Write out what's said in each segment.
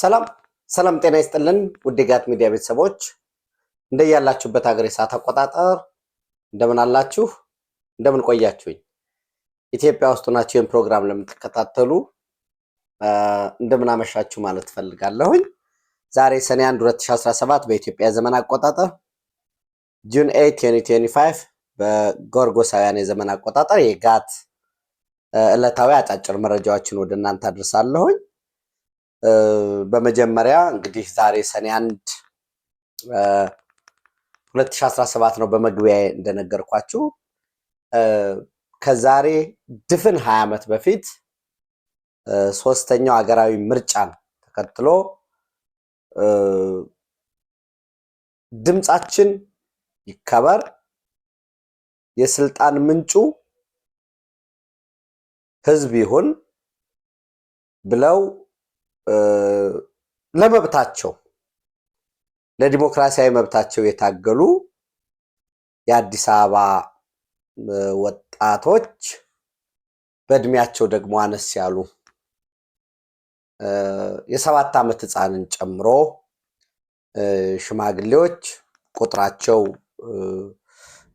ሰላም ሰላም፣ ጤና ይስጥልን ውድ ጋት ሚዲያ ቤተሰቦች እንደያላችሁበት ሀገር የሰዓት አቆጣጠር እንደምን አላችሁ? እንደምን ቆያችሁኝ? ኢትዮጵያ ውስጥ ሆናችሁ ይህን ፕሮግራም ለምትከታተሉ እንደምን አመሻችሁ ማለት ፈልጋለሁኝ። ዛሬ ሰኔ 1 2017 በኢትዮጵያ ዘመን አቆጣጠር ጁን 8 2025 በጎርጎሳውያን የዘመን አቆጣጠር የጋት እለታዊ አጫጭር መረጃዎችን ወደ እናንተ አድርሳለሁኝ። በመጀመሪያ እንግዲህ ዛሬ ሰኔ አንድ 2017 ነው በመግቢያ እንደነገርኳችሁ ከዛሬ ድፍን ሀያ ዓመት በፊት ሶስተኛው ሀገራዊ ምርጫን ተከትሎ ድምፃችን ይከበር፣ የስልጣን ምንጩ ህዝብ ይሁን ብለው ለመብታቸው ለዲሞክራሲያዊ መብታቸው የታገሉ የአዲስ አበባ ወጣቶች በእድሜያቸው ደግሞ አነስ ያሉ የሰባት ዓመት ህፃንን ጨምሮ ሽማግሌዎች ቁጥራቸው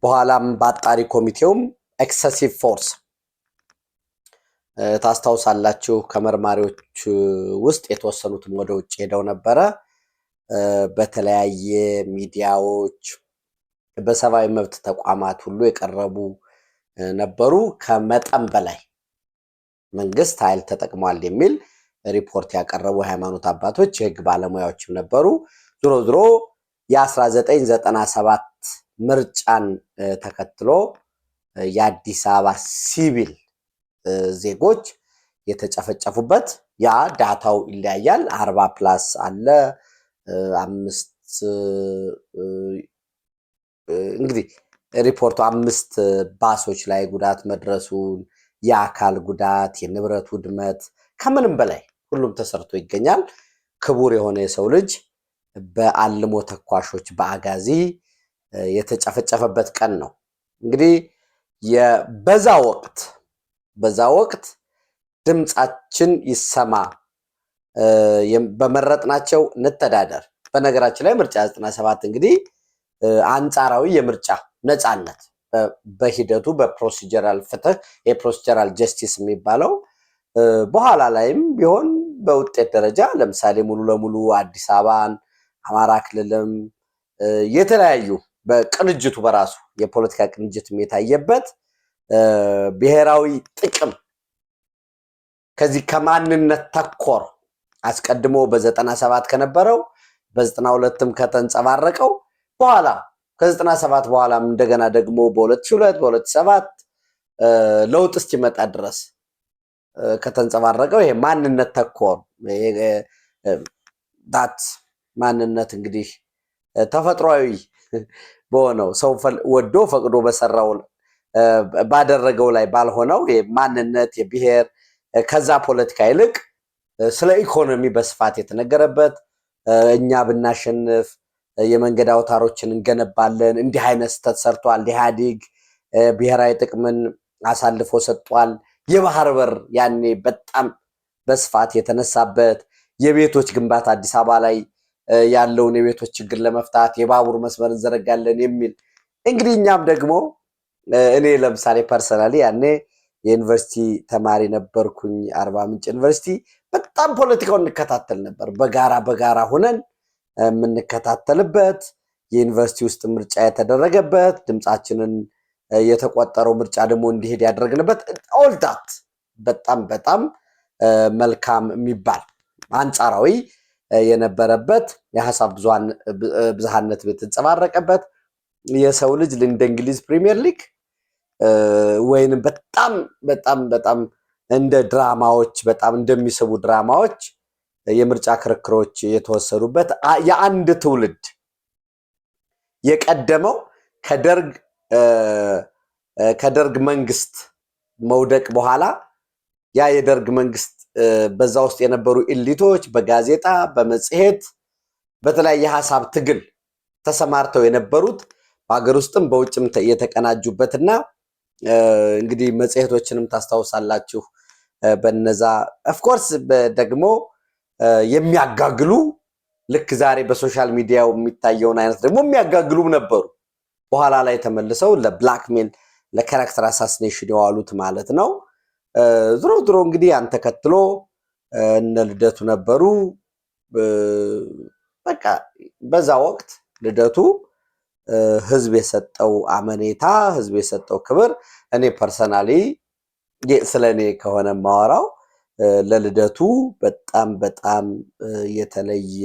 በኋላም በአጣሪ ኮሚቴውም ኤክሰሲቭ ፎርስ ታስታውሳላችሁ። ከመርማሪዎች ውስጥ የተወሰኑትም ወደ ውጭ ሄደው ነበረ። በተለያየ ሚዲያዎች፣ በሰብአዊ መብት ተቋማት ሁሉ የቀረቡ ነበሩ። ከመጠን በላይ መንግስት ኃይል ተጠቅሟል የሚል ሪፖርት ያቀረቡ ሃይማኖት አባቶች፣ የህግ ባለሙያዎችም ነበሩ። ዞሮ ዞሮ የ1997 ምርጫን ተከትሎ የአዲስ አበባ ሲቪል ዜጎች የተጨፈጨፉበት ያ ዳታው ይለያያል። አርባ ፕላስ አለ አምስት እንግዲህ ሪፖርቱ አምስት ባሶች ላይ ጉዳት መድረሱን የአካል ጉዳት፣ የንብረት ውድመት ከምንም በላይ ሁሉም ተሰርቶ ይገኛል። ክቡር የሆነ የሰው ልጅ በአልሞ ተኳሾች በአጋዚ የተጨፈጨፈበት ቀን ነው። እንግዲህ በዛ ወቅት በዛ ወቅት ድምፃችን ይሰማ፣ በመረጥናቸው እንተዳደር። በነገራችን ላይ ምርጫ 97 እንግዲህ አንጻራዊ የምርጫ ነፃነት በሂደቱ በፕሮሲጀራል ፍትህ የፕሮሲጀራል ጀስቲስ የሚባለው በኋላ ላይም ቢሆን በውጤት ደረጃ ለምሳሌ ሙሉ ለሙሉ አዲስ አበባን አማራ ክልልም የተለያዩ በቅንጅቱ በራሱ የፖለቲካ ቅንጅት የታየበት ብሔራዊ ጥቅም ከዚህ ከማንነት ተኮር አስቀድሞ በዘጠና ሰባት ከነበረው በዘጠና ሁለትም ከተንጸባረቀው በኋላ ከዘጠና ሰባት በኋላም እንደገና ደግሞ በሁለት ሺህ ሁለት በሁለት ሺህ ሰባት ለውጥ እስኪመጣ ድረስ ከተንጸባረቀው ይሄ ማንነት ተኮር ዳት ማንነት እንግዲህ ተፈጥሯዊ በሆነው ሰው ወዶ ፈቅዶ በሰራው ባደረገው ላይ ባልሆነው የማንነት የብሔር ከዛ ፖለቲካ ይልቅ ስለ ኢኮኖሚ በስፋት የተነገረበት እኛ ብናሸንፍ የመንገድ አውታሮችን እንገነባለን፣ እንዲህ አይነት ስህተት ሰርቷል፣ ኢህአዲግ ብሔራዊ ጥቅምን አሳልፎ ሰጥቷል፣ የባህር በር ያኔ በጣም በስፋት የተነሳበት የቤቶች ግንባታ አዲስ አበባ ላይ ያለውን የቤቶች ችግር ለመፍታት የባቡር መስመር እንዘረጋለን የሚል እንግዲህ እኛም ደግሞ እኔ ለምሳሌ ፐርሰናሊ ያኔ የዩኒቨርሲቲ ተማሪ ነበርኩኝ። አርባ ምንጭ ዩኒቨርሲቲ በጣም ፖለቲካውን እንከታተል ነበር። በጋራ በጋራ ሆነን የምንከታተልበት የዩኒቨርሲቲ ውስጥ ምርጫ የተደረገበት ድምፃችንን የተቆጠረው ምርጫ ደግሞ እንዲሄድ ያደረግንበት ኦልዳት በጣም በጣም መልካም የሚባል አንጻራዊ የነበረበት የሀሳብ ብዙሃነት የተንጸባረቀበት የሰው ልጅ እንደ እንግሊዝ ፕሪሚየር ሊግ ወይንም በጣም በጣም በጣም እንደ ድራማዎች በጣም እንደሚስቡ ድራማዎች የምርጫ ክርክሮች የተወሰዱበት የአንድ ትውልድ የቀደመው ከደርግ ከደርግ መንግስት መውደቅ በኋላ ያ የደርግ መንግስት በዛ ውስጥ የነበሩ ኢሊቶች በጋዜጣ በመጽሔት በተለያየ ሀሳብ ትግል ተሰማርተው የነበሩት በሀገር ውስጥም በውጭም የተቀናጁበትና እንግዲህ መጽሔቶችንም ታስታውሳላችሁ። በነዛ ኦፍኮርስ ደግሞ የሚያጋግሉ ልክ ዛሬ በሶሻል ሚዲያው የሚታየውን አይነት ደግሞ የሚያጋግሉም ነበሩ። በኋላ ላይ ተመልሰው ለብላክሜል ለካራክተር አሳሲኔሽን የዋሉት ማለት ነው። ዝሮ ዝሮ እንግዲህ ያን ተከትሎ እነ ልደቱ ነበሩ። በቃ በዛ ወቅት ልደቱ ህዝብ የሰጠው አመኔታ፣ ህዝብ የሰጠው ክብር እኔ ፐርሰናሊ ስለ እኔ ከሆነ ማወራው ለልደቱ በጣም በጣም የተለየ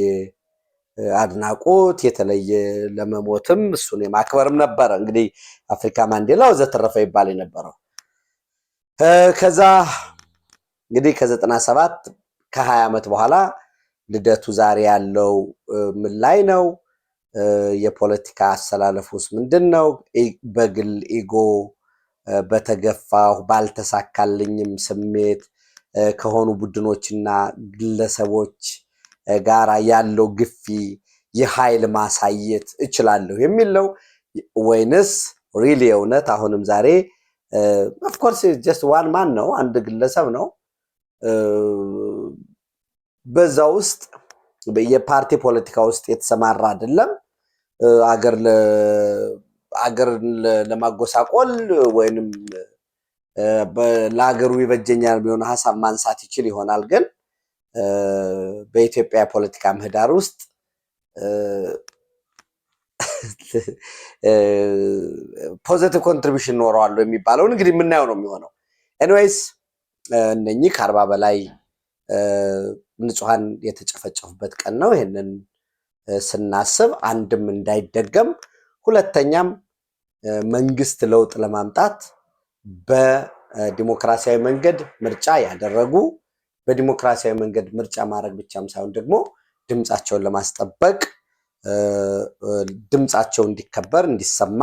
አድናቆት የተለየ ለመሞትም እሱን የማክበርም ነበረ። እንግዲህ አፍሪካ ማንዴላ ወዘተረፈ ይባል የነበረው ከዛ እንግዲህ ከዘጠና ሰባት ከሀያ ዓመት በኋላ ልደቱ ዛሬ ያለው ምን ላይ ነው? የፖለቲካ አሰላለፍ ውስጥ ምንድን ነው? በግል ኢጎ በተገፋሁ ባልተሳካልኝም ስሜት ከሆኑ ቡድኖችና ግለሰቦች ጋር ያለው ግፊ የኃይል ማሳየት እችላለሁ የሚል ነው ወይንስ ሪሊ እውነት አሁንም ዛሬ ኦፍኮርስ ጀስት ዋን ማን ነው አንድ ግለሰብ ነው በዛ ውስጥ የፓርቲ ፖለቲካ ውስጥ የተሰማራ አይደለም። አገር ለማጎሳቆል ወይንም ለሀገሩ ይበጀኛል የሚሆነ ሀሳብ ማንሳት ይችል ይሆናል። ግን በኢትዮጵያ የፖለቲካ ምህዳር ውስጥ ፖዘቲቭ ኮንትሪቢሽን ኖረዋለሁ የሚባለውን እንግዲህ የምናየው ነው የሚሆነው። ኤኒዌይስ እነኚህ ከአርባ በላይ ንጹሐን የተጨፈጨፉበት ቀን ነው። ይህንን ስናስብ አንድም እንዳይደገም፣ ሁለተኛም መንግስት ለውጥ ለማምጣት በዲሞክራሲያዊ መንገድ ምርጫ ያደረጉ በዲሞክራሲያዊ መንገድ ምርጫ ማድረግ ብቻም ሳይሆን ደግሞ ድምፃቸውን ለማስጠበቅ ድምፃቸው እንዲከበር እንዲሰማ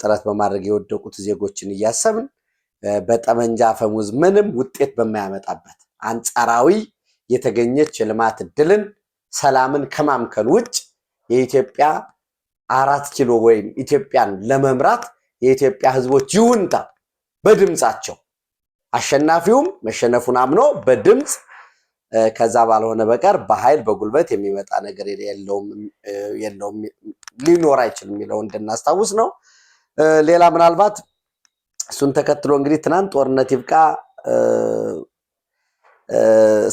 ጥረት በማድረግ የወደቁት ዜጎችን እያሰብን በጠመንጃ አፈሙዝ ምንም ውጤት በማያመጣበት አንጻራዊ የተገኘች የልማት እድልን ሰላምን ከማምከን ውጭ የኢትዮጵያ አራት ኪሎ ወይም ኢትዮጵያን ለመምራት የኢትዮጵያ ሕዝቦች ይሁንታ በድምፃቸው አሸናፊውም መሸነፉን አምኖ በድምፅ ከዛ ባልሆነ በቀር በኃይል በጉልበት የሚመጣ ነገር የለውም፣ ሊኖር አይችልም የሚለው እንድናስታውስ ነው። ሌላ ምናልባት እሱን ተከትሎ እንግዲህ ትናንት ጦርነት ይብቃ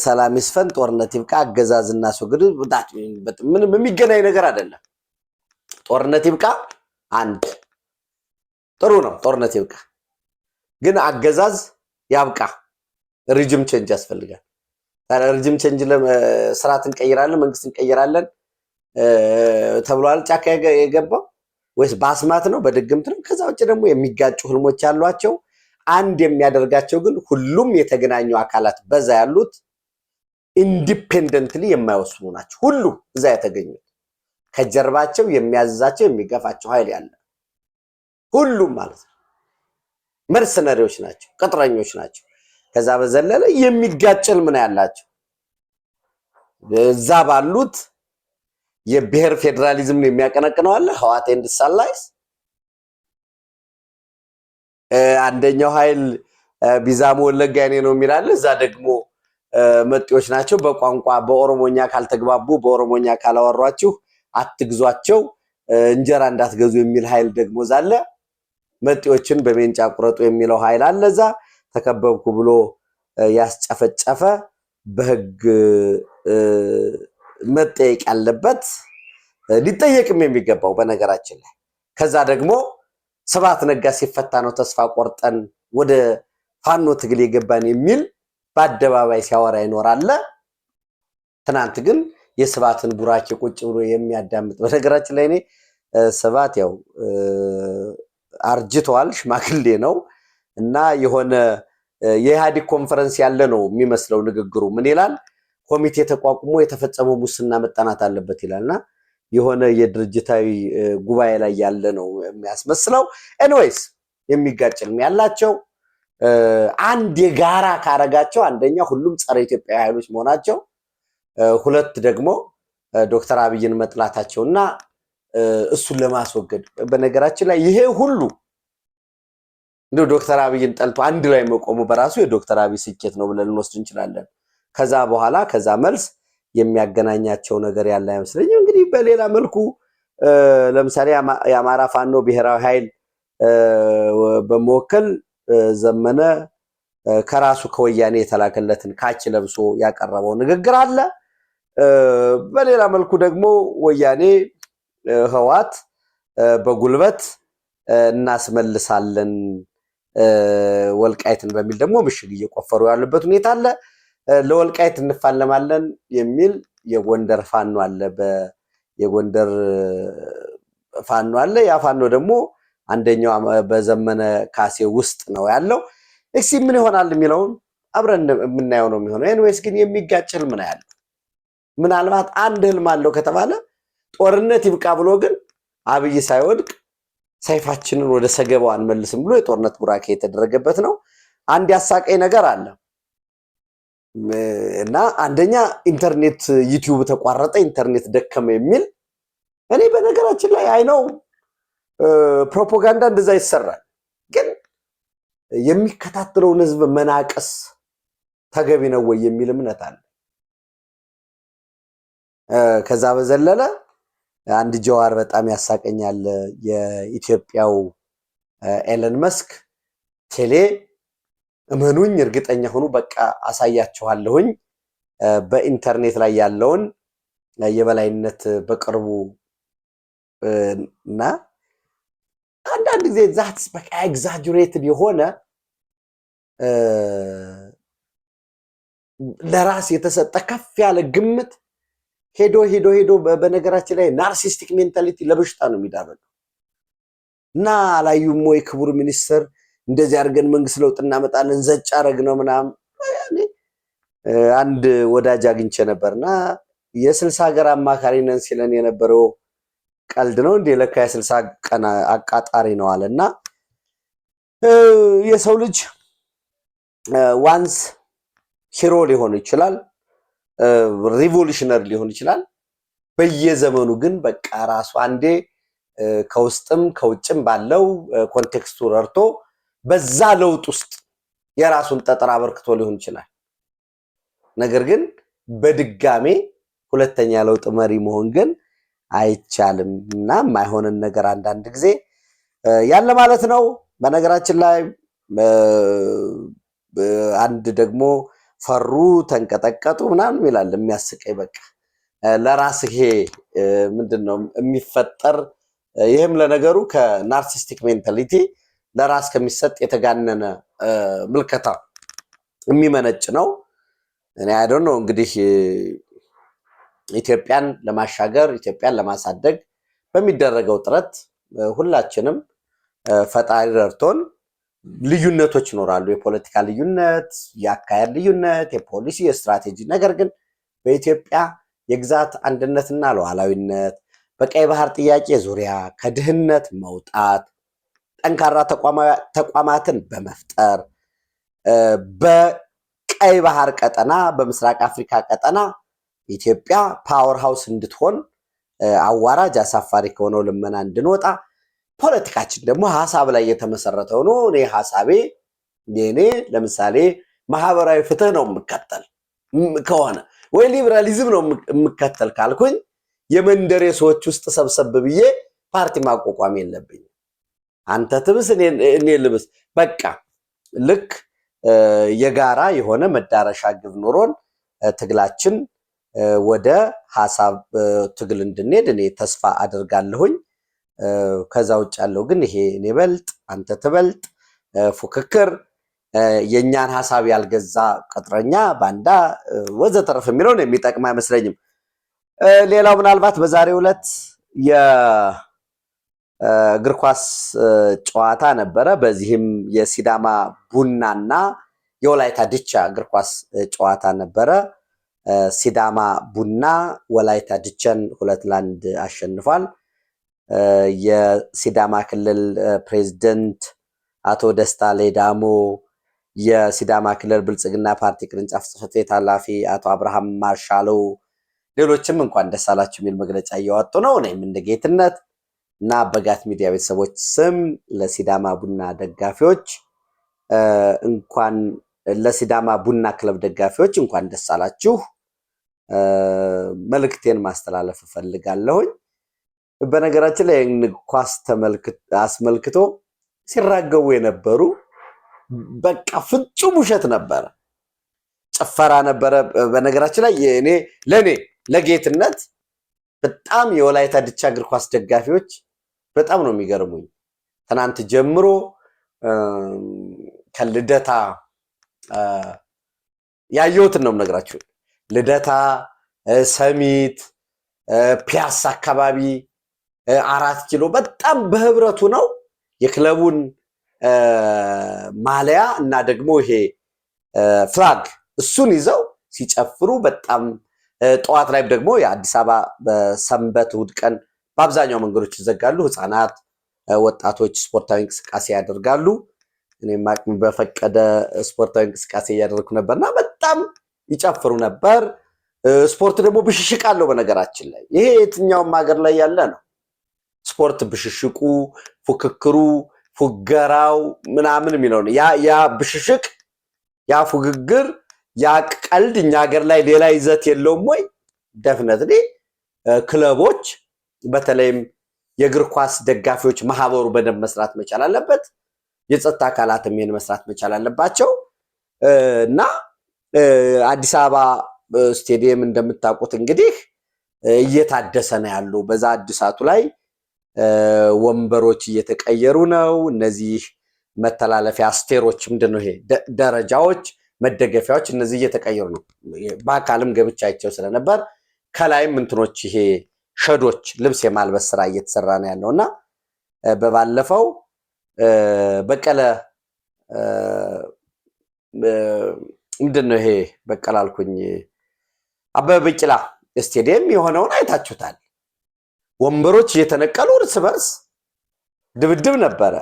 ሰላም ይስፈን፣ ጦርነት ይብቃ፣ አገዛዝ እናስወግድ ምንም የሚገናኝ ነገር አይደለም። ጦርነት ይብቃ አንድ ጥሩ ነው። ጦርነት ይብቃ፣ ግን አገዛዝ ያብቃ። ሪጅም ቼንጅ ያስፈልጋል። ሪጅም ቼንጅ ስርዓት እንቀይራለን፣ መንግስት እንቀይራለን ተብሏል። ጫካ የገባው ወይስ በአስማት ነው በድግምት ነው? ከዛ ውጭ ደግሞ የሚጋጩ ህልሞች ያሏቸው አንድ የሚያደርጋቸው ግን ሁሉም የተገናኙ አካላት በዛ ያሉት ኢንዲፔንደንትሊ የማይወስኑ ናቸው። ሁሉ እዛ የተገኙት ከጀርባቸው የሚያዝዛቸው የሚገፋቸው ኃይል ያለ ሁሉም ማለት ነው። መርሰነሪዎች ናቸው፣ ቅጥረኞች ናቸው። ከዛ በዘለለ የሚጋጭ ምን ነው ያላቸው። እዛ ባሉት የብሔር ፌዴራሊዝም ነው የሚያቀነቅነው አለ ህወሓት እንድሳላይስ አንደኛው ኃይል ቢዛሞ ወለጋ የኔ ነው የሚላል፣ እዛ ደግሞ መጤዎች ናቸው። በቋንቋ በኦሮሞኛ ካልተግባቡ በኦሮሞኛ ካላወሯችሁ አትግዟቸው፣ እንጀራ እንዳትገዙ የሚል ኃይል ደግሞ ዛለ። መጤዎችን በሜንጫ ቁረጡ የሚለው ኃይል አለ። እዛ ተከበብኩ ብሎ ያስጨፈጨፈ በህግ መጠየቅ ያለበት ሊጠየቅም የሚገባው በነገራችን ላይ ከዛ ደግሞ ስብሃት ነጋ ሲፈታ ነው ተስፋ ቆርጠን ወደ ፋኖ ትግል የገባን የሚል በአደባባይ ሲያወራ ይኖራል። ትናንት ግን የስብሃትን ቡራኬ ቁጭ ብሎ የሚያዳምጥ በነገራችን ላይ እኔ ስብሃት ያው አርጅተዋል፣ ሽማግሌ ነው እና የሆነ የኢህአዴግ ኮንፈረንስ ያለ ነው የሚመስለው ንግግሩ። ምን ይላል? ኮሚቴ ተቋቁሞ የተፈጸመው ሙስና መጠናት አለበት ይላልና የሆነ የድርጅታዊ ጉባኤ ላይ ያለ ነው የሚያስመስለው። ኤኒዌይስ የሚጋጭል ያላቸው አንድ የጋራ ካረጋቸው አንደኛ ሁሉም ጸረ ኢትዮጵያ ኃይሎች መሆናቸው፣ ሁለት ደግሞ ዶክተር አብይን መጥላታቸው እና እሱን ለማስወገድ በነገራችን ላይ ይሄ ሁሉ እንዲሁ ዶክተር አብይን ጠልቶ አንድ ላይ መቆሙ በራሱ የዶክተር አብይ ስኬት ነው ብለን ልንወስድ እንችላለን። ከዛ በኋላ ከዛ መልስ የሚያገናኛቸው ነገር ያለ አይመስለኝም። እንግዲህ በሌላ መልኩ ለምሳሌ የአማራ ፋኖ ብሔራዊ ኃይል በመወከል ዘመነ ከራሱ ከወያኔ የተላከለትን ካች ለብሶ ያቀረበው ንግግር አለ። በሌላ መልኩ ደግሞ ወያኔ ህዋት በጉልበት እናስመልሳለን ወልቃይትን በሚል ደግሞ ምሽግ እየቆፈሩ ያሉበት ሁኔታ አለ። ለወልቃይት እንፋለማለን የሚል የጎንደር ፋኖ አለ። የጎንደር ፋኖ አለ። ያ ፋኖ ደግሞ አንደኛው በዘመነ ካሴ ውስጥ ነው ያለው። እስኪ ምን ይሆናል የሚለውን አብረን የምናየው ነው የሚሆነው። ኤንዌስ ግን የሚጋጭ ህልም ነው ያለው። ምናልባት አንድ ህልም አለው ከተባለ ጦርነት ይብቃ ብሎ ግን አብይ ሳይወድቅ ሰይፋችንን ወደ ሰገባው አንመልስም ብሎ የጦርነት ቡራኬ የተደረገበት ነው። አንድ ያሳቀኝ ነገር አለ። እና አንደኛ ኢንተርኔት ዩቲዩብ ተቋረጠ፣ ኢንተርኔት ደከመ የሚል እኔ በነገራችን ላይ አይነው ፕሮፓጋንዳ እንደዛ ይሰራል፣ ግን የሚከታተለውን ህዝብ መናቀስ ተገቢ ነው ወይ የሚል እምነት አለ። ከዛ በዘለለ አንድ ጀዋር በጣም ያሳቀኛል። የኢትዮጵያው ኤለን መስክ ቴሌ እመኑኝ፣ እርግጠኛ ሁኑ። በቃ አሳያችኋለሁኝ። በኢንተርኔት ላይ ያለውን የበላይነት በቅርቡ እና አንዳንድ ጊዜ ዛትስ በቃ ኤግዛጅሬትድ የሆነ ለራስ የተሰጠ ከፍ ያለ ግምት ሄዶ ሄዶ ሄዶ በነገራችን ላይ ናርሲስቲክ ሜንታሊቲ ለበሽታ ነው የሚዳረገው እና አላዩም ወይ ክቡር ሚኒስትር እንደዚህ አድርገን መንግስት ለውጥ እናመጣለን፣ ዘጭ አረግ ነው ምናምን። አንድ ወዳጅ አግኝቼ ነበርና እና የስልሳ ሀገር አማካሪ ነን ሲለን የነበረው ቀልድ ነው እንዴ? ለካ የስልሳ ቀን አቃጣሪ ነው አለ እና የሰው ልጅ ዋንስ ሂሮ ሊሆን ይችላል፣ ሪቮሉሽነር ሊሆን ይችላል። በየዘመኑ ግን በቃ ራሱ አንዴ ከውስጥም ከውጭም ባለው ኮንቴክስቱ ረድቶ በዛ ለውጥ ውስጥ የራሱን ጠጠር አበርክቶ ሊሆን ይችላል። ነገር ግን በድጋሜ ሁለተኛ ለውጥ መሪ መሆን ግን አይቻልም እና የማይሆንን ነገር አንዳንድ ጊዜ ያለ ማለት ነው። በነገራችን ላይ አንድ ደግሞ ፈሩ፣ ተንቀጠቀጡ ምናምን ይላል። የሚያስቀኝ በቃ ለራስ ይሄ ምንድን ነው የሚፈጠር ይህም ለነገሩ ከናርሲስቲክ ሜንታሊቲ ለራስ ከሚሰጥ የተጋነነ ምልከታ የሚመነጭ ነው። እኔ አይደ ነው እንግዲህ ኢትዮጵያን ለማሻገር ኢትዮጵያን ለማሳደግ በሚደረገው ጥረት ሁላችንም ፈጣሪ ረድቶን ልዩነቶች ይኖራሉ። የፖለቲካ ልዩነት፣ የአካሄድ ልዩነት፣ የፖሊሲ፣ የስትራቴጂ ነገር ግን በኢትዮጵያ የግዛት አንድነትና ሉዓላዊነት፣ በቀይ ባህር ጥያቄ ዙሪያ ከድህነት መውጣት ጠንካራ ተቋማትን በመፍጠር በቀይ ባህር ቀጠና፣ በምስራቅ አፍሪካ ቀጠና ኢትዮጵያ ፓወር ሃውስ እንድትሆን አዋራጅ አሳፋሪ ከሆነው ልመና እንድንወጣ ፖለቲካችን ደግሞ ሀሳብ ላይ የተመሰረተው ነው። እኔ ሀሳቤ የኔ ለምሳሌ ማህበራዊ ፍትህ ነው የምከተል ከሆነ ወይ ሊብራሊዝም ነው የምከተል ካልኩኝ የመንደሬ ሰዎች ውስጥ ሰብሰብ ብዬ ፓርቲ ማቋቋም የለብኝም። አንተ ትብስ እኔ ልብስ። በቃ ልክ የጋራ የሆነ መዳረሻ ግብ ኖሮን ትግላችን ወደ ሀሳብ ትግል እንድንሄድ እኔ ተስፋ አድርጋለሁኝ። ከዛ ውጭ ያለው ግን ይሄ እኔ በልጥ አንተ ትበልጥ ፉክክር፣ የእኛን ሀሳብ ያልገዛ ቅጥረኛ፣ ባንዳ ወዘተረፍ የሚለውን የሚጠቅም አይመስለኝም። ሌላው ምናልባት በዛሬው ዕለት እግር ኳስ ጨዋታ ነበረ። በዚህም የሲዳማ ቡናና የወላይታ ድቻ እግር ኳስ ጨዋታ ነበረ። ሲዳማ ቡና ወላይታ ድቻን ሁለት ለአንድ አሸንፏል። የሲዳማ ክልል ፕሬዚደንት አቶ ደስታ ሌዳሞ፣ የሲዳማ ክልል ብልጽግና ፓርቲ ቅርንጫፍ ጽሕፈት ቤት ኃላፊ አቶ አብርሃም ማርሻሎ፣ ሌሎችም እንኳን ደስ አላችሁ የሚል መግለጫ እያወጡ ነው። እኔም እንደ ጌትነት እና በጋት ሚዲያ ቤተሰቦች ስም ለሲዳማ ቡና ደጋፊዎች እንኳን ለሲዳማ ቡና ክለብ ደጋፊዎች እንኳን ደስ አላችሁ መልእክቴን ማስተላለፍ እፈልጋለሁኝ። በነገራችን ላይ ኳስ አስመልክቶ ሲራገቡ የነበሩ በቃ ፍጹም ውሸት ነበረ፣ ጭፈራ ነበረ። በነገራችን ላይ እኔ ለእኔ ለጌትነት በጣም የወላይታ ድቻ እግር ኳስ ደጋፊዎች በጣም ነው የሚገርሙኝ። ትናንት ጀምሮ ከልደታ ያየሁትን ነው የምነግራችሁ። ልደታ፣ ሰሚት፣ ፒያሳ አካባቢ፣ አራት ኪሎ በጣም በህብረቱ ነው የክለቡን ማሊያ እና ደግሞ ይሄ ፍላግ እሱን ይዘው ሲጨፍሩ በጣም ጠዋት ላይም ደግሞ የአዲስ አበባ በሰንበት እሁድ ቀን በአብዛኛው መንገዶች ይዘጋሉ። ህፃናት፣ ወጣቶች ስፖርታዊ እንቅስቃሴ ያደርጋሉ። እኔም አቅም በፈቀደ ስፖርታዊ እንቅስቃሴ እያደረግኩ ነበርና በጣም ይጨፍሩ ነበር። ስፖርት ደግሞ ብሽሽቅ አለው። በነገራችን ላይ ይሄ የትኛውም ሀገር ላይ ያለ ነው። ስፖርት ብሽሽቁ፣ ፉክክሩ፣ ፉገራው ምናምን የሚለው ያ ብሽሽቅ ያ ፉግግር ያ ቀልድ እኛ ሀገር ላይ ሌላ ይዘት የለውም ወይ? ደፍነት ክለቦች በተለይም የእግር ኳስ ደጋፊዎች ማህበሩ በደንብ መስራት መቻል አለበት። የጸጥታ አካላትም ይህን መስራት መቻል አለባቸው እና አዲስ አበባ ስቴዲየም እንደምታውቁት እንግዲህ እየታደሰ ነው ያሉ። በዛ አዲሳቱ ላይ ወንበሮች እየተቀየሩ ነው። እነዚህ መተላለፊያ ስቴሮች ምንድን ነው ይሄ ደረጃዎች መደገፊያዎች እነዚህ እየተቀየሩ ነው። በአካልም ገብቻቸው ስለነበር ከላይም እንትኖች ይሄ ሸዶች ልብስ የማልበስ ስራ እየተሰራ ነው ያለው እና በባለፈው በቀለ ምንድን ነው ይሄ በቀለ አልኩኝ አበበ ቢቂላ ስቴዲየም የሆነውን አይታችሁታል። ወንበሮች እየተነቀሉ እርስ በርስ ድብድብ ነበረ።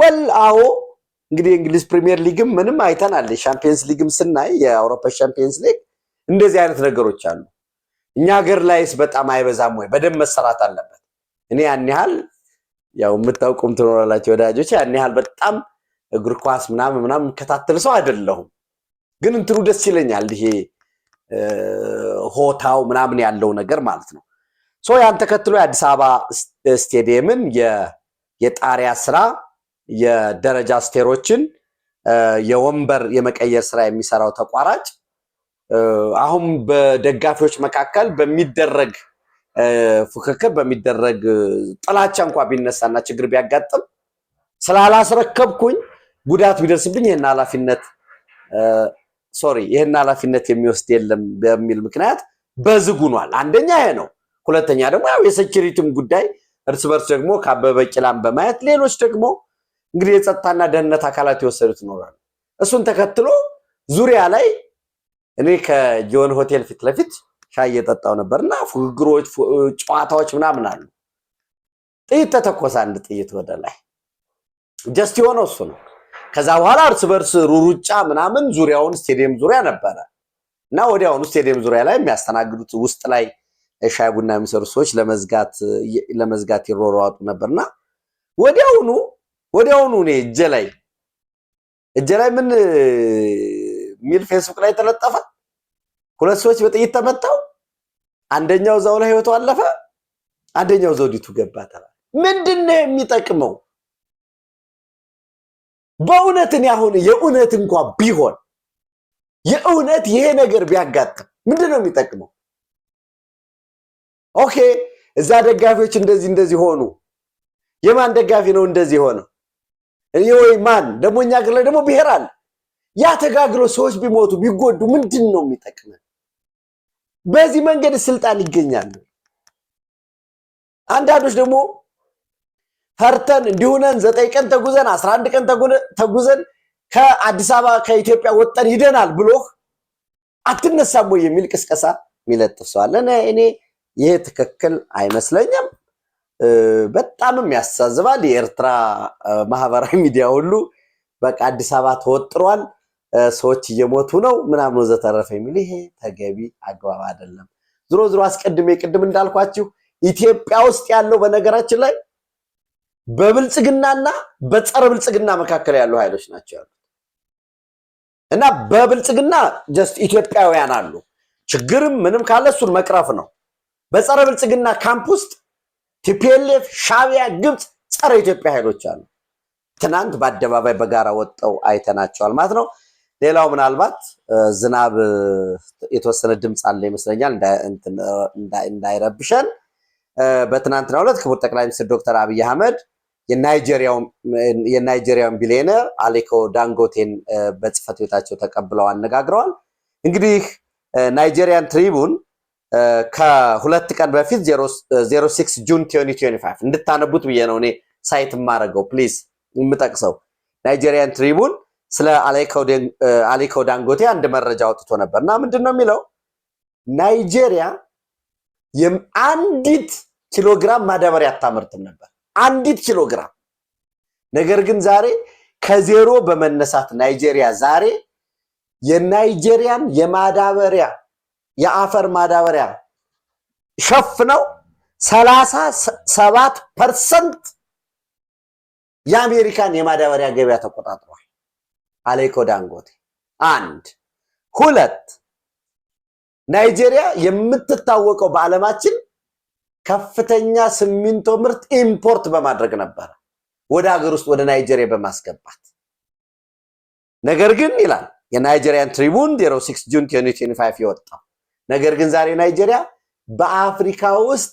ወል አዎ እንግዲህ የእንግሊዝ ፕሪሚየር ሊግም ምንም አይተናል። ሻምፒየንስ ሊግም ስናይ የአውሮፓ ሻምፒየንስ ሊግ እንደዚህ አይነት ነገሮች አሉ። እኛ ሀገር ላይስ በጣም አይበዛም ወይ? በደንብ መሰራት አለበት። እኔ ያን ያህል ያው የምታውቁም ትኖራላቸው ወዳጆች፣ ያን ያህል በጣም እግር ኳስ ምናምን ምናምን የምከታተል ሰው አይደለሁም፣ ግን እንትኑ ደስ ይለኛል። ይሄ ሆታው ምናምን ያለው ነገር ማለት ነው። ሶ ያን ተከትሎ የአዲስ አበባ ስቴዲየምን የጣሪያ ስራ የደረጃ ስቴሮችን የወንበር የመቀየር ስራ የሚሰራው ተቋራጭ አሁን በደጋፊዎች መካከል በሚደረግ ፉክክር በሚደረግ ጥላቻ እንኳ ቢነሳና ችግር ቢያጋጥም ስላላስረከብኩኝ ጉዳት ቢደርስብኝ ይህን ኃላፊነት ሶሪ ይህን ኃላፊነት የሚወስድ የለም በሚል ምክንያት በዝጉኗል። አንደኛ ይሄ ነው። ሁለተኛ ደግሞ ያው የሴኪሪቲም ጉዳይ እርስ በርስ ደግሞ ከአበበ ቂላን በማየት ሌሎች ደግሞ እንግዲህ የጸጥታና ደህንነት አካላት የወሰዱት ይኖራል። እሱን ተከትሎ ዙሪያ ላይ እኔ ከጊዮን ሆቴል ፊት ለፊት ሻይ እየጠጣው ነበር እና ፉግግሮች፣ ጨዋታዎች ምናምን አሉ። ጥይት ተተኮሰ፣ አንድ ጥይት ወደ ላይ ጀስት የሆነው እሱ ነው። ከዛ በኋላ እርስ በርስ ሩሩጫ ምናምን ዙሪያውን ስቴዲየም ዙሪያ ነበረ እና ወዲያውኑ ስቴዲየም ዙሪያ ላይ የሚያስተናግዱት ውስጥ ላይ ሻይ ቡና የሚሰሩ ሰዎች ለመዝጋት ይሮሯጡ ነበርና ወዲያውኑ ወዲያውኑ እኔ እጄ ላይ እጄ ላይ ምን ሚል ፌስቡክ ላይ ተለጠፈ። ሁለት ሰዎች በጥይት ተመተው አንደኛው እዛው ላይ ህይወቱ አለፈ፣ አንደኛው ዘውዲቱ ገባ ተባለ። ምንድን ነው የሚጠቅመው? በእውነትን ያሁን አሁን የእውነት እንኳ ቢሆን የእውነት ይሄ ነገር ቢያጋጥም ምንድን ነው የሚጠቅመው? ኦኬ እዛ ደጋፊዎች እንደዚህ እንደዚህ ሆኑ። የማን ደጋፊ ነው እንደዚህ ሆነው? ወይ ማን ደግሞ እኛ ሀገር ላይ ደግሞ ብሔር አለ። ያ ተጋግሎ ሰዎች ቢሞቱ ቢጎዱ ምንድን ነው የሚጠቅመን? በዚህ መንገድ ስልጣን ይገኛል አንዳንዶች ደግሞ ፈርተን እንዲሁነን ዘጠኝ ቀን ተጉዘን አስራ አንድ ቀን ተጉዘን ከአዲስ አበባ ከኢትዮጵያ ወጠን ይደናል ብሎህ አትነሳም ወይ የሚል ቅስቀሳ የሚለጥፍ ሰው አለ። እኔ ይሄ ትክክል አይመስለኝም። በጣምም ያሳዝባል። የኤርትራ ማህበራዊ ሚዲያ ሁሉ በቃ አዲስ አበባ ተወጥሯል፣ ሰዎች እየሞቱ ነው ምናምን ወዘተረፈ የሚል ይሄ ተገቢ አግባብ አይደለም። ዝሮ ዝሮ አስቀድሜ ቅድም እንዳልኳችሁ ኢትዮጵያ ውስጥ ያለው በነገራችን ላይ በብልጽግናና በጸረ ብልጽግና መካከል ያሉ ኃይሎች ናቸው ያሉት እና በብልጽግና ጀስት ኢትዮጵያውያን አሉ። ችግርም ምንም ካለ እሱን መቅረፍ ነው። በጸረ ብልጽግና ካምፕ ውስጥ ቲፒኤልኤፍ፣ ሻቢያ፣ ግብፅ፣ ጸረ ኢትዮጵያ ኃይሎች አሉ። ትናንት በአደባባይ በጋራ ወጠው አይተናቸዋል ማለት ነው። ሌላው ምናልባት ዝናብ የተወሰነ ድምፅ አለ ይመስለኛል እንዳይረብሸን። በትናንትናው ዕለት ክቡር ጠቅላይ ሚኒስትር ዶክተር አብይ አህመድ የናይጄሪያውን ቢሊዮነር አሊኮ ዳንጎቴን በጽህፈት ቤታቸው ተቀብለው አነጋግረዋል። እንግዲህ ናይጄሪያን ትሪቡን ከሁለት ቀን በፊት 06 ጁን 2025 እንድታነቡት ብዬ ነው እኔ ሳይት የማደርገው። ፕሊዝ የምጠቅሰው ናይጄሪያን ትሪቡን ስለ አሊኮ ዳንጎቴ አንድ መረጃ አውጥቶ ነበር እና ምንድን ነው የሚለው ናይጄሪያ አንዲት ኪሎግራም ማዳበሪያ አታመርትም ነበር፣ አንዲት ኪሎግራም። ነገር ግን ዛሬ ከዜሮ በመነሳት ናይጄሪያ ዛሬ የናይጄሪያን የማዳበሪያ የአፈር ማዳበሪያ ሸፍነው ሰላሳ ሰባት ፐርሰንት የአሜሪካን የማዳበሪያ ገበያ ተቆጣጥሯል። አሌኮ ዳንጎቴ አንድ ሁለት ናይጄሪያ የምትታወቀው በዓለማችን ከፍተኛ ሲሚንቶ ምርት ኢምፖርት በማድረግ ነበረ ወደ ሀገር ውስጥ ወደ ናይጄሪያ በማስገባት ነገር ግን ይላል የናይጄሪያን ትሪቡን 06 ጁን 2025 የወጣው ነገር ግን ዛሬ ናይጄሪያ በአፍሪካ ውስጥ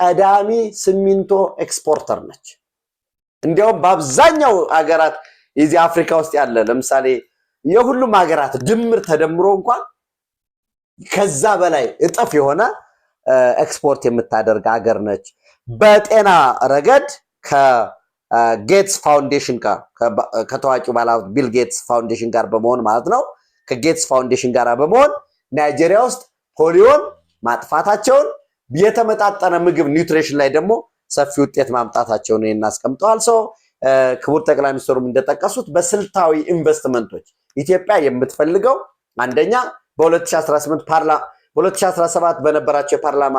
ቀዳሚ ሲሚንቶ ኤክስፖርተር ነች። እንዲያውም በአብዛኛው ሀገራት የዚህ አፍሪካ ውስጥ ያለ ለምሳሌ የሁሉም ሀገራት ድምር ተደምሮ እንኳን ከዛ በላይ እጥፍ የሆነ ኤክስፖርት የምታደርግ ሀገር ነች። በጤና ረገድ ከጌትስ ፋውንዴሽን ጋር ከታዋቂው ባለሀብት ቢል ጌትስ ፋውንዴሽን ጋር በመሆን ማለት ነው ከጌትስ ፋውንዴሽን ጋር በመሆን ናይጄሪያ ውስጥ ፖሊዮን ማጥፋታቸውን፣ የተመጣጠነ ምግብ ኒውትሪሽን ላይ ደግሞ ሰፊ ውጤት ማምጣታቸውን እናስቀምጠዋል። ሰው ክቡር ጠቅላይ ሚኒስትሩም እንደጠቀሱት በስልታዊ ኢንቨስትመንቶች ኢትዮጵያ የምትፈልገው አንደኛ በ 2018 በነበራቸው የፓርላማ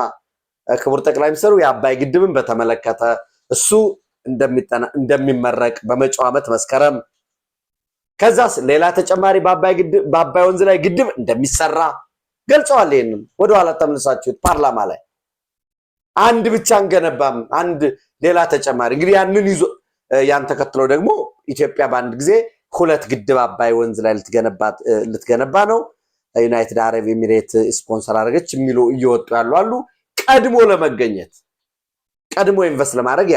ክቡር ጠቅላይ ሚኒስትሩ የአባይ ግድብን በተመለከተ እሱ እንደሚመረቅ በመጪው ዓመት መስከረም ከዛስ ሌላ ተጨማሪ በአባይ ወንዝ ላይ ግድብ እንደሚሰራ ገልጸዋል። ይህንን ወደኋላ ተመልሳችሁት ፓርላማ ላይ አንድ ብቻ አንገነባም፣ አንድ ሌላ ተጨማሪ እንግዲህ ያንን ይዞ ያን ተከትሎ ደግሞ ኢትዮጵያ በአንድ ጊዜ ሁለት ግድብ አባይ ወንዝ ላይ ልትገነባ ነው፣ ዩናይትድ አረብ ኤሚሬት ስፖንሰር አድርገች የሚሉ እየወጡ ያሉ አሉ። ቀድሞ ለመገኘት ቀድሞ ኢንቨስት ለማድረግ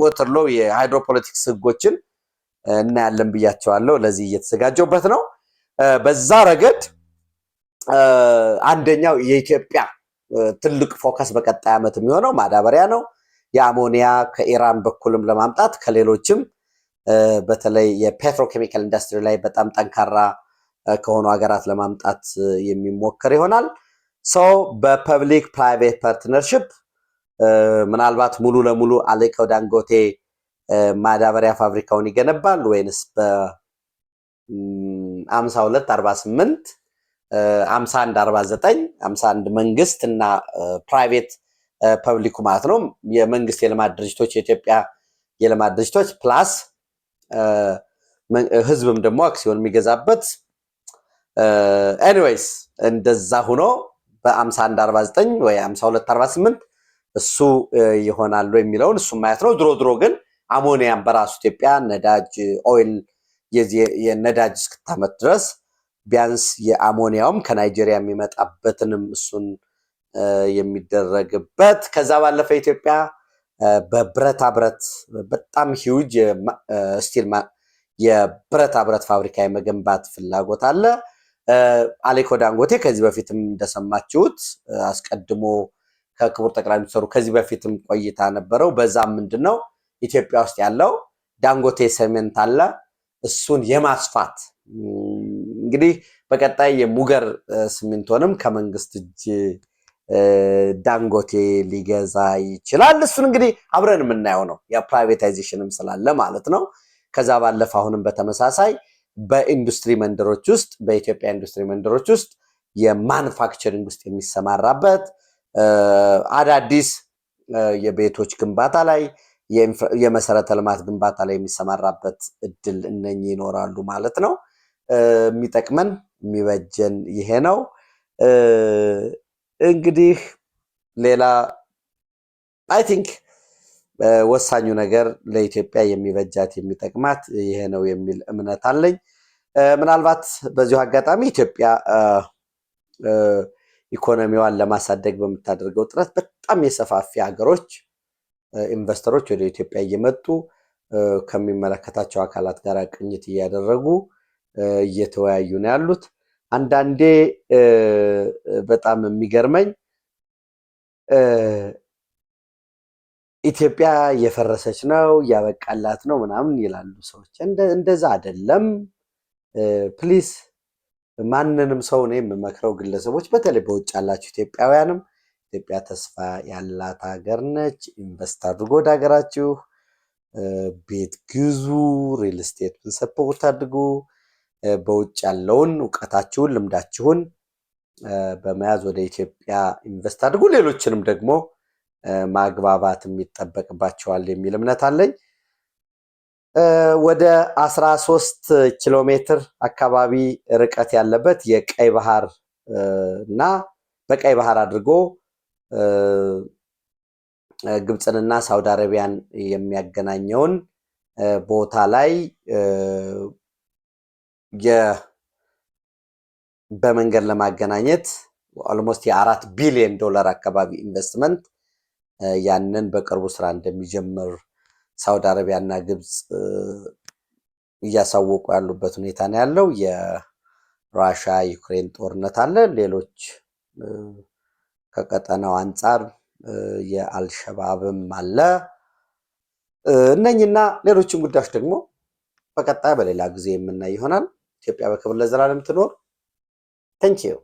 የወተርሎ የሃይድሮፖለቲክስ ህጎችን እናያለን ብያቸዋለሁ። ለዚህ እየተዘጋጀውበት ነው በዛ ረገድ አንደኛው የኢትዮጵያ ትልቅ ፎከስ በቀጣይ ዓመት የሚሆነው ማዳበሪያ ነው። የአሞኒያ ከኢራን በኩልም ለማምጣት ከሌሎችም በተለይ የፔትሮኬሚካል ኢንዱስትሪ ላይ በጣም ጠንካራ ከሆኑ ሀገራት ለማምጣት የሚሞከር ይሆናል። ሰው በፐብሊክ ፕራይቬት ፓርትነርሽፕ ምናልባት ሙሉ ለሙሉ አሌኮ ዳንጎቴ ማዳበሪያ ፋብሪካውን ይገነባል ወይንስ በ አርባ ስምንት 51 49 51 መንግስት እና ፕራይቬት ፐብሊኩ ማለት ነው። የመንግስት የልማት ድርጅቶች የኢትዮጵያ የልማት ድርጅቶች ፕላስ ህዝብም ደግሞ አክሲዮን የሚገዛበት ኤኒዌይስ እንደዛ ሁኖ በ 5149 ወይ 5248 እሱ ይሆናሉ የሚለውን እሱ ማየት ነው። ድሮ ድሮ ግን አሞኒያም በራሱ ኢትዮጵያ ነዳጅ ኦይል የነዳጅ እስክታመት ድረስ ቢያንስ የአሞኒያውም ከናይጄሪያ የሚመጣበትንም እሱን የሚደረግበት ከዛ ባለፈ ኢትዮጵያ በብረታ ብረት በጣም ሂውጅ ስቲል የብረታ ብረት ፋብሪካ የመገንባት ፍላጎት አለ። አሌኮ ዳንጎቴ ከዚህ በፊትም እንደሰማችሁት አስቀድሞ ከክቡር ጠቅላይ ሚኒስትሩ ከዚህ በፊትም ቆይታ ነበረው። በዛም ምንድን ነው ኢትዮጵያ ውስጥ ያለው ዳንጎቴ ሰሜንት አለ እሱን የማስፋት እንግዲህ በቀጣይ የሙገር ሲሚንቶንም ከመንግስት እጅ ዳንጎቴ ሊገዛ ይችላል። እሱን እንግዲህ አብረን የምናየው ነው፣ የፕራይቬታይዜሽንም ስላለ ማለት ነው። ከዛ ባለፈ አሁንም በተመሳሳይ በኢንዱስትሪ መንደሮች ውስጥ በኢትዮጵያ ኢንዱስትሪ መንደሮች ውስጥ የማኑፋክቸሪንግ ውስጥ የሚሰማራበት አዳዲስ የቤቶች ግንባታ ላይ የመሰረተ ልማት ግንባታ ላይ የሚሰማራበት እድል እነኚህ ይኖራሉ ማለት ነው። የሚጠቅመን የሚበጀን ይሄ ነው። እንግዲህ ሌላ አይ ቲንክ ወሳኙ ነገር ለኢትዮጵያ የሚበጃት የሚጠቅማት ይሄ ነው የሚል እምነት አለኝ። ምናልባት በዚሁ አጋጣሚ ኢትዮጵያ ኢኮኖሚዋን ለማሳደግ በምታደርገው ጥረት በጣም የሰፋፊ ሀገሮች ኢንቨስተሮች ወደ ኢትዮጵያ እየመጡ ከሚመለከታቸው አካላት ጋር ቅኝት እያደረጉ እየተወያዩ ነው ያሉት። አንዳንዴ በጣም የሚገርመኝ ኢትዮጵያ እየፈረሰች ነው እያበቃላት ነው ምናምን ይላሉ ሰዎች። እንደዛ አይደለም ፕሊስ። ማንንም ሰው ነው የምመክረው፣ ግለሰቦች፣ በተለይ በውጭ ያላችሁ ኢትዮጵያውያንም ኢትዮጵያ ተስፋ ያላት ሀገር ነች። ኢንቨስት አድርጎ ወደ ሀገራችሁ ቤት ግዙ፣ ሪል ስቴት ሰፖርት አድርጉ። በውጭ ያለውን እውቀታችሁን፣ ልምዳችሁን በመያዝ ወደ ኢትዮጵያ ኢንቨስት አድርጉ። ሌሎችንም ደግሞ ማግባባት የሚጠበቅባቸዋል የሚል እምነት አለኝ። ወደ 13 ኪሎ ሜትር አካባቢ ርቀት ያለበት የቀይ ባህር እና በቀይ ባህር አድርጎ ግብፅንና ሳውዲ አረቢያን የሚያገናኘውን ቦታ ላይ በመንገድ ለማገናኘት ኦልሞስት የአራት ቢሊዮን ዶላር አካባቢ ኢንቨስትመንት ያንን በቅርቡ ስራ እንደሚጀምር ሳውዲ አረቢያ እና ግብፅ እያሳወቁ ያሉበት ሁኔታ ነው ያለው። የራሻ ዩክሬን ጦርነት አለ። ሌሎች ከቀጠናው አንጻር የአልሸባብም አለ። እነኝና ሌሎችም ጉዳዮች ደግሞ በቀጣይ በሌላ ጊዜ የምናይ ይሆናል። ኢትዮጵያ በክብር ለዘላለም ትኖር። ተንቼው